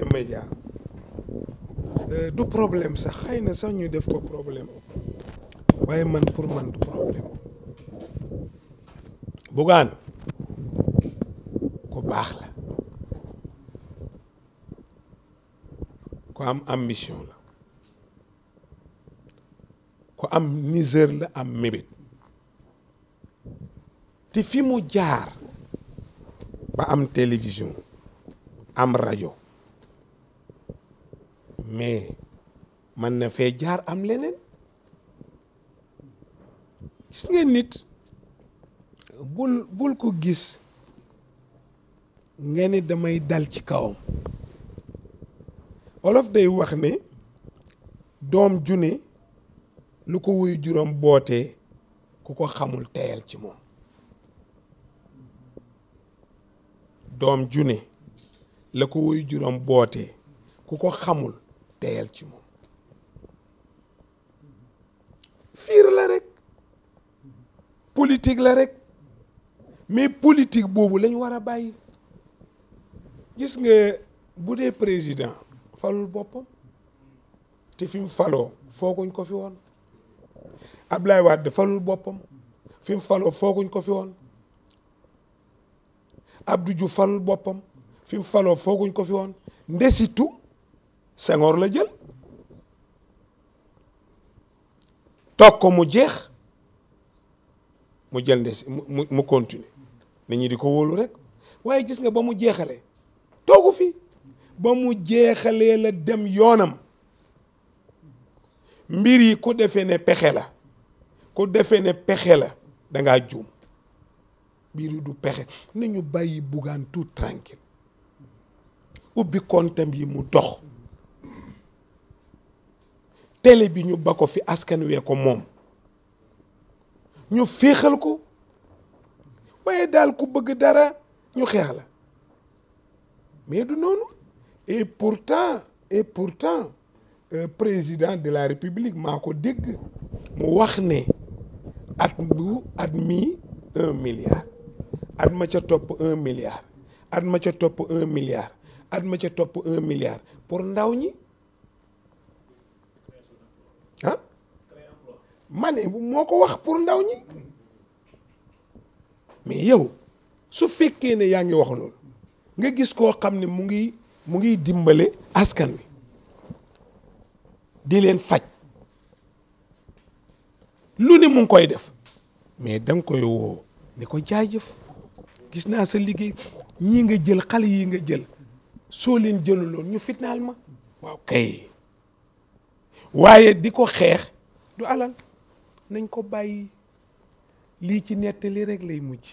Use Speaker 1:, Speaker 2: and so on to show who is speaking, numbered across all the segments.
Speaker 1: des médias euh, du problème sax xëy na sax ñu def ko problème waaye man pour man du problème Bougane ku baax la ko am am mission la ko am misère la am mébét ti fi mu jaar ba am télévision am rajo mais man na fee jaar am leneen gis ngeen nit bul bul ko gis nga ni damay dal ci kawam olof day wax ne doom june lu ko wuy juróom bootee ku ko xamul teyal ci moom doom june la ko wuy juróom bootee ku ko xamul teyal ci moom fiir la rek politique la rek mais politique boobu lañ war a bàyyi gis nga bu dee président falul boppam te fi mu faloo fooguñ ko fi woon Ablaye Wade falul boppam fi mu faloo fooguñ ko fi woon Abdou Diouf falul boppam fi falo faloo fooguñ ko fi woon ndesitu Senghor la jël toog ko mu jeex mu jël ndes mu mu continuer nit ñi di ko wóolu rek waaye gis nga ba mu jeexalee toogu fi ba mu jeexalee la dem yoonam mbir yi ku defee ne pexe la ku defe ne pexe la dangaa ngaa juum mbir yi du pexe nañu bàyyi Bougane tout tranquille ubbi kontam yi mu dox télé bi ñu ba ko fi askan wee ko moom ñu féexal ko waaye daal ku bëgg dara ñu xeex la mais du noonu et pourtant et pourtant euh, président de la république maa ko dégg mu wax ne at bu at mii un milliard at topp un milliard at ma ca topp un milliard at ma ca topp un milliard pour ndaw ñi Mané moo ko wax pour ndaw ñi mais yow su fekkee ne yaa ngi wax loolu nga gis koo xam ne mu ngi mu ngi dimbale askan wi di leen faj lu ne mu koy def mais da koy woo ni ko jaajëf gis naa sa liggéey ñii nga jël xale yi nga jël soo leen jëluloon ñu fitnaal ma waaw kay waaye di ko xeex du alal nañ ko bàyyi lii ci nettali rek lay mujj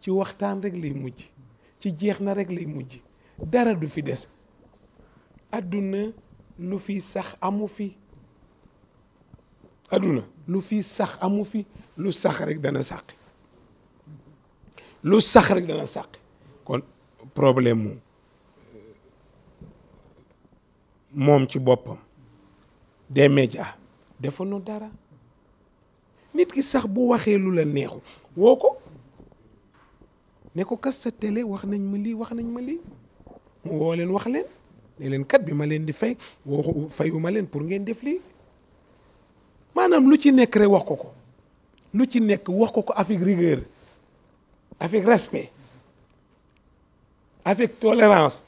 Speaker 1: ci waxtaan rek lay mujj ci jeex na rek lay mujj dara du fi des àdduna lu fi sax amu fi àdduna lu fi sax amu fi lu sax rek dana sàq lu sax rek dana sàq kon problème mu moom ci boppam des médias defuñu dara nit ki sax bu waxee lu la neexu woo ko ne ko kas sa télé wax nañ ma lii wax nañ ma lii mu woo leen wax leen ne leen kat bi ma leen di fay woo fayu leen pour ngeen def lii maanaam lu ci nekk rek wax ko ko lu ci nekk wax ko ko avec rigueur avec respect avec tolérance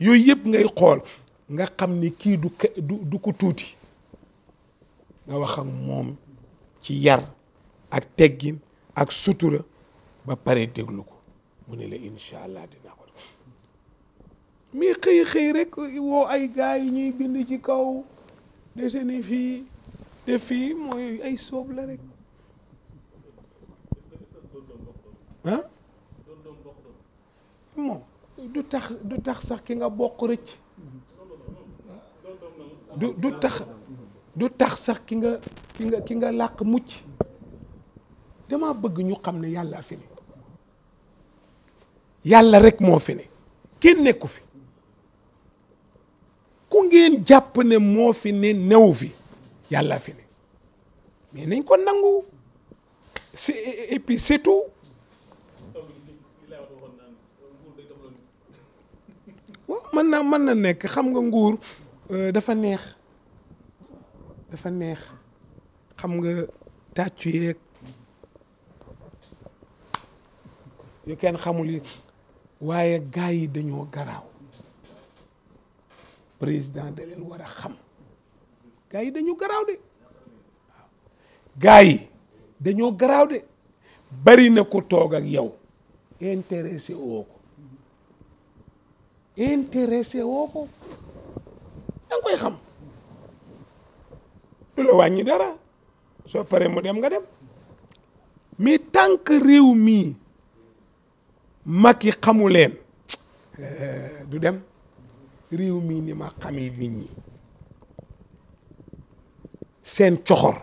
Speaker 1: yooyu yëpp ngay xool nga xam ni kii du du du ko tuuti nga wax ak moom ci yar ak teggin ak sutura ba pare déglu ko mu ne la incha allah dinaa ko def xëy xëy rek woo ay gars yi ñuy bind ci kaw de ni fii def fii mooy ay soob la rek ah moom du tax du tax sax ki nga bokk rëcc du tax du tax sax ki nga ki nga ki nga làq mucc dama bëgg ñu xam ne yàlla fi ne yàlla rek moo fi ne kenn nekku fi ku ngeen jàpp ne moo fi ne newu fi yàlla fi ne mais nañ ko nangu c'est et puis c'est mën na mën na nekk xam nga nguur euh, dafa neex dafa neex xam nga tàccu yeeg yu kenn xamul yi waaye gars yi dañoo garaaw président da leen war a xam gars yi dañu garaaw de waaw yi dañoo garaaw de bari na ko toog ak yow intéressé woo ko intéressé woo ko da koy xam du la wàññi dara soo paree mu dem nga dem mais tant que réew mii mag yi xamu eh, du dem réew mii ni ma xamee nit ñi seen coxor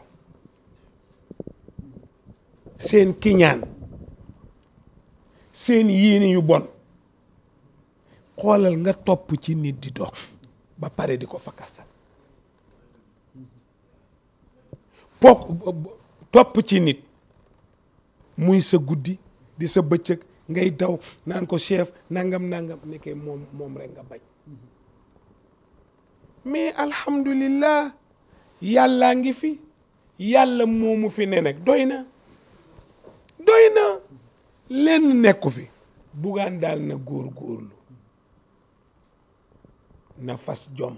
Speaker 1: seen kiñaan seen yéene yu bon xoolal nga topp ci nit di dox ba pare di ko fakkasal pop topp ci nit muy sa guddi di sa bëccëg ngay daw naan ko chef nangam nangam nekkee moom rekk nga bañ mais alhamdulillah yàllaa ngi fi yàlla moomu fi ne nag doy na doy na lenn nekku fi buggaan daal na góor góorlu na fas jom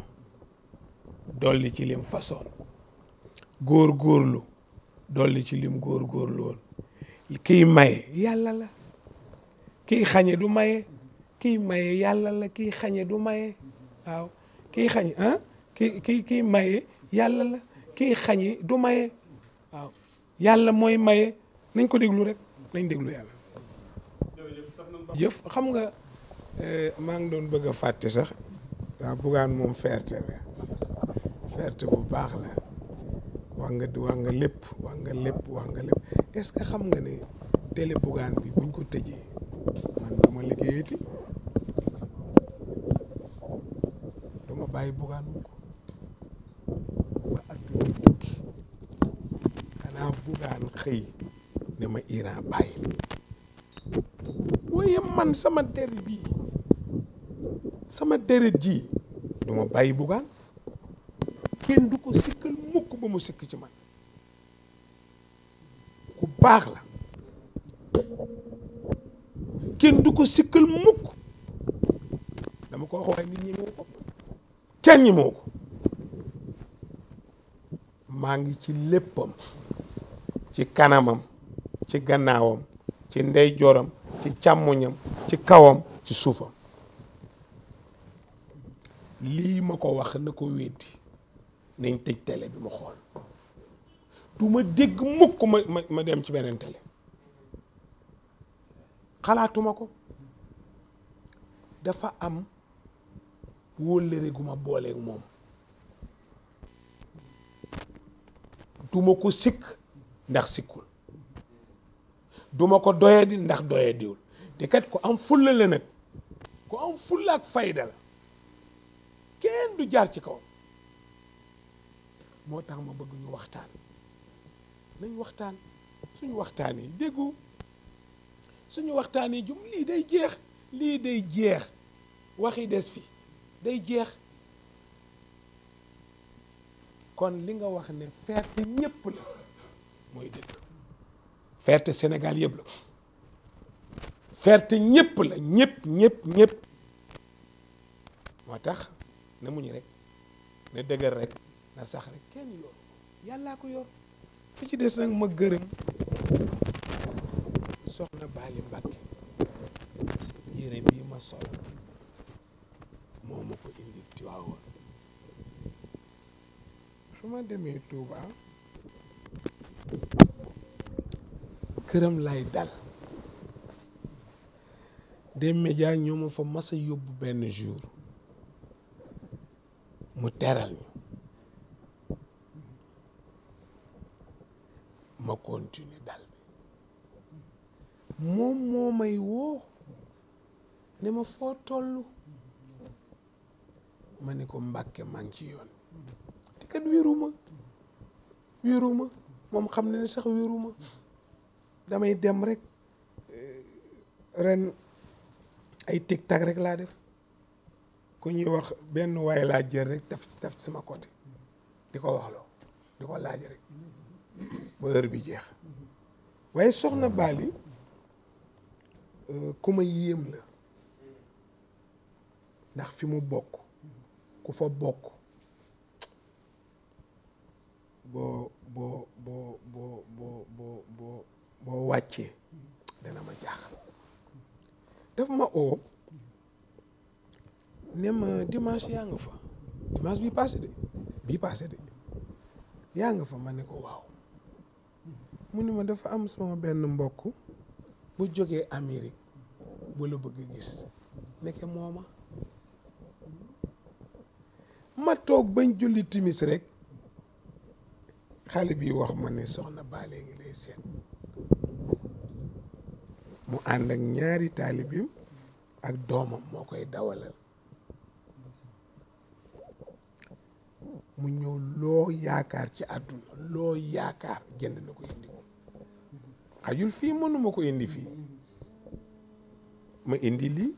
Speaker 1: dolli ci lim façon góor góorlu dolli ci lim góor góorlu woon kiy maye yàlla la ki xañe du maye kiy maye yàlla la kiy xañe du maye waaw kiy xañe ah? ki ki yàlla la kiy xañe du maye waaw yàlla mooy maye nañ ko déglu rek nañ déglu yàlla jëf xam nga eh, maa ngi doon bëgg a fàtte sax waaw buggaan moom ferte la ferte bu baax la waa nga wax nga nga lépp wax nga lépp est-ce que xam nga ne télé Bougane bi buñ ko tëjee man dama liggéeyati dama bàyyi Bougane ko ba adduna tukki xanaa Bougane xëy ne ma Iran bàyyi waaye man sama deret bii sama deret ji duma bàyyi Bougane kenn du ko sikkal mukk ba mu sëkk ci man ku baax la kenn du ko sikkal mukk dama ko wax waaye nit ñi moo ko kenn ñi moo ko maa ngi ci léppam ci kanamam ci gannaawam ci ndeyjooram ci càmmoñam ci kawam ci suufam lii ma ko wax na ko weddi nañ tëj télé bi ma xool du dégg mukk ma ma dem ci beneen télé xalaatuma ko dafa am wóllëre gu ma booleeg moom duma ko sikk ndax sikkul duma ko doyadi ndax doyadiwul te kat ku am fulla la nag ku am fulla ak fayda la kenn du jaar ci kaw moo tax ma bëgg ñu waxtaan nañ waxtaan suñu waxtaan yi déggu suñu waxtaan yi jum lii day jeex lii day jeex waxi des fi day jeex kon li nga wax ne ferte ñépp la mooy dëgg ferte Sénégal yëpp la ferte ñépp la ñépp ñépp ñépp moo tax na muñu rek ne dëgër rek na sax rek kenn yoru yàllaa ko yor fi ci des nag ma gërëm soxna Baali Mbàkke yére bii ma sol moo ma ko indi Tiwaawoon su ma demee Tuuba këram lay dal des médias ñoo fa mas yóbbu benn jour mu teral ma continuer dal bi moom moo may woo ne ma foo toll ma ni ko mbàkke maa ngi ci yoon te kat wéruma wéruma moom xam na ne sax ma damay dem rek eh, ren ay tiktak rek laa def ku ñuy wax benn waay laa jël rek taf taf sama côté di ko waxloo di ko laaj rek ba heure bi jeex waaye soxna Bali euh, ku ma yéem la ndax fi mu bokk ku fa bokk boo boo boo boo boo boo boo boo wàccee dana ma jaaxal daf ma oo ne ma dimanche yaa nga fa dimanche bii passé de bii passé de yaa nga fa ma ne ko waaw mu ni ma dafa am sama benn mbokk bu jógee Amérique bu la bëgg a gis ndeke mooma ma toog bañ julli timis rek xale bi wax ma ne soxna baale ngi lay seet mu ànd ak ñaari taalibim ak doomam moo koy dawalal mu ñëw loo yaakaar ci àdduna loo yaakaar jënd na ko indi xajul fii mënuma ko indi fii ma indi lii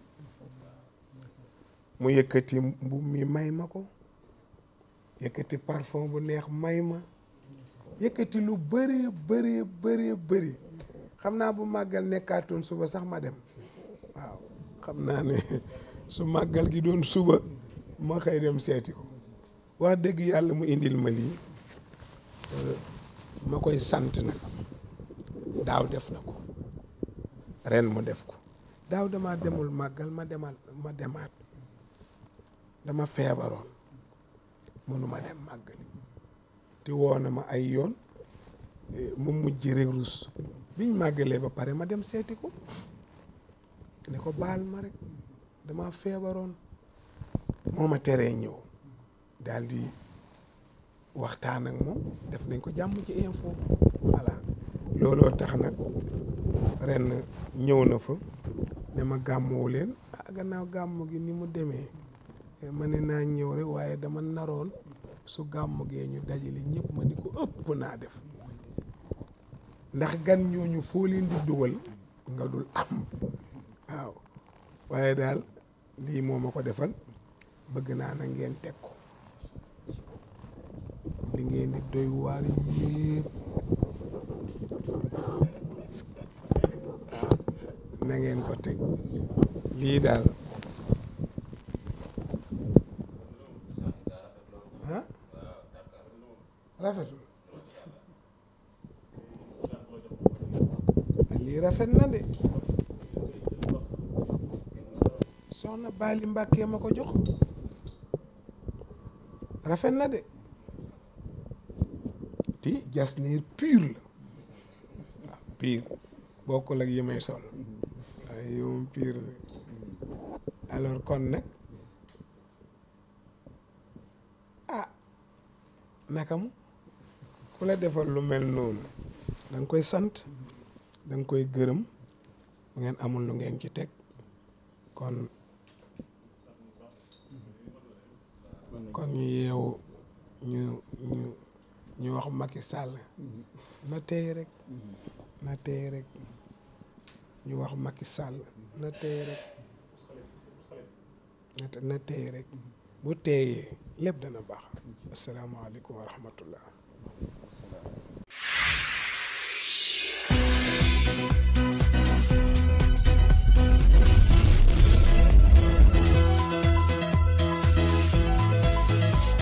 Speaker 1: mu yëkkati mbubb mi may ma ko yëkkati parfum bu neex may ma yëkkati lu bëree bëree bëree bëri xam naa bu màggal nekkaatoon suba sax ma dem waaw xam naa ne su màggal gi doon suba ma xëy dem seeti ko waa dëgg yàlla mu indil ma lii euh, ma koy sant daaw def na ko ren mu def ko daaw dama demul màggal ma demal ma demaat dama feebaroon mënuma dem màggali te woo ma ay yoon mu mujj rek rus biñ màggalee ba pare ma dem seeti ko ne ko baal ma rek dama feebaroon moo ma teree ñëw daal di waxtaan ak moom def nañ ko jàmm ci info voilà looloo tax nag ren ñëw na fa ne ma gàmmoo leen ah gannaaw gàmmu gi ni mu demee ma ne naa ñëw rek waaye dama naroon su gàmmu gee ñu dajale ñépp ma ni ko ëpp naa def ndax gan ñooñu foo leen di dugal nga dul am waaw waaye daal lii moo ma ko defal bëgg naa na ngeen teg ko li ngeen di doy waar yépp na ngeen ko teg lii daal ah rafetul lii rafet na de soxna Baali Mbàkke ma ko jox rafet na de ti jasneer pur la waaw ah, pur bokkul ak sol yow moom pire la kon nag ah naka mu ku la defal lu mel noonu da koy sant da koy gërëm bu ngeen amul lu ngeen ci teg kon kon ñu yeewu ñu ñu ñu wax Macky Sall mm-hmm. na tey rek na tey rek ñu wax Macky sàll na téye rek na téye rek mm-hmm. bu téyee lépp dana baax asalaamaaleykum wa rahmatullah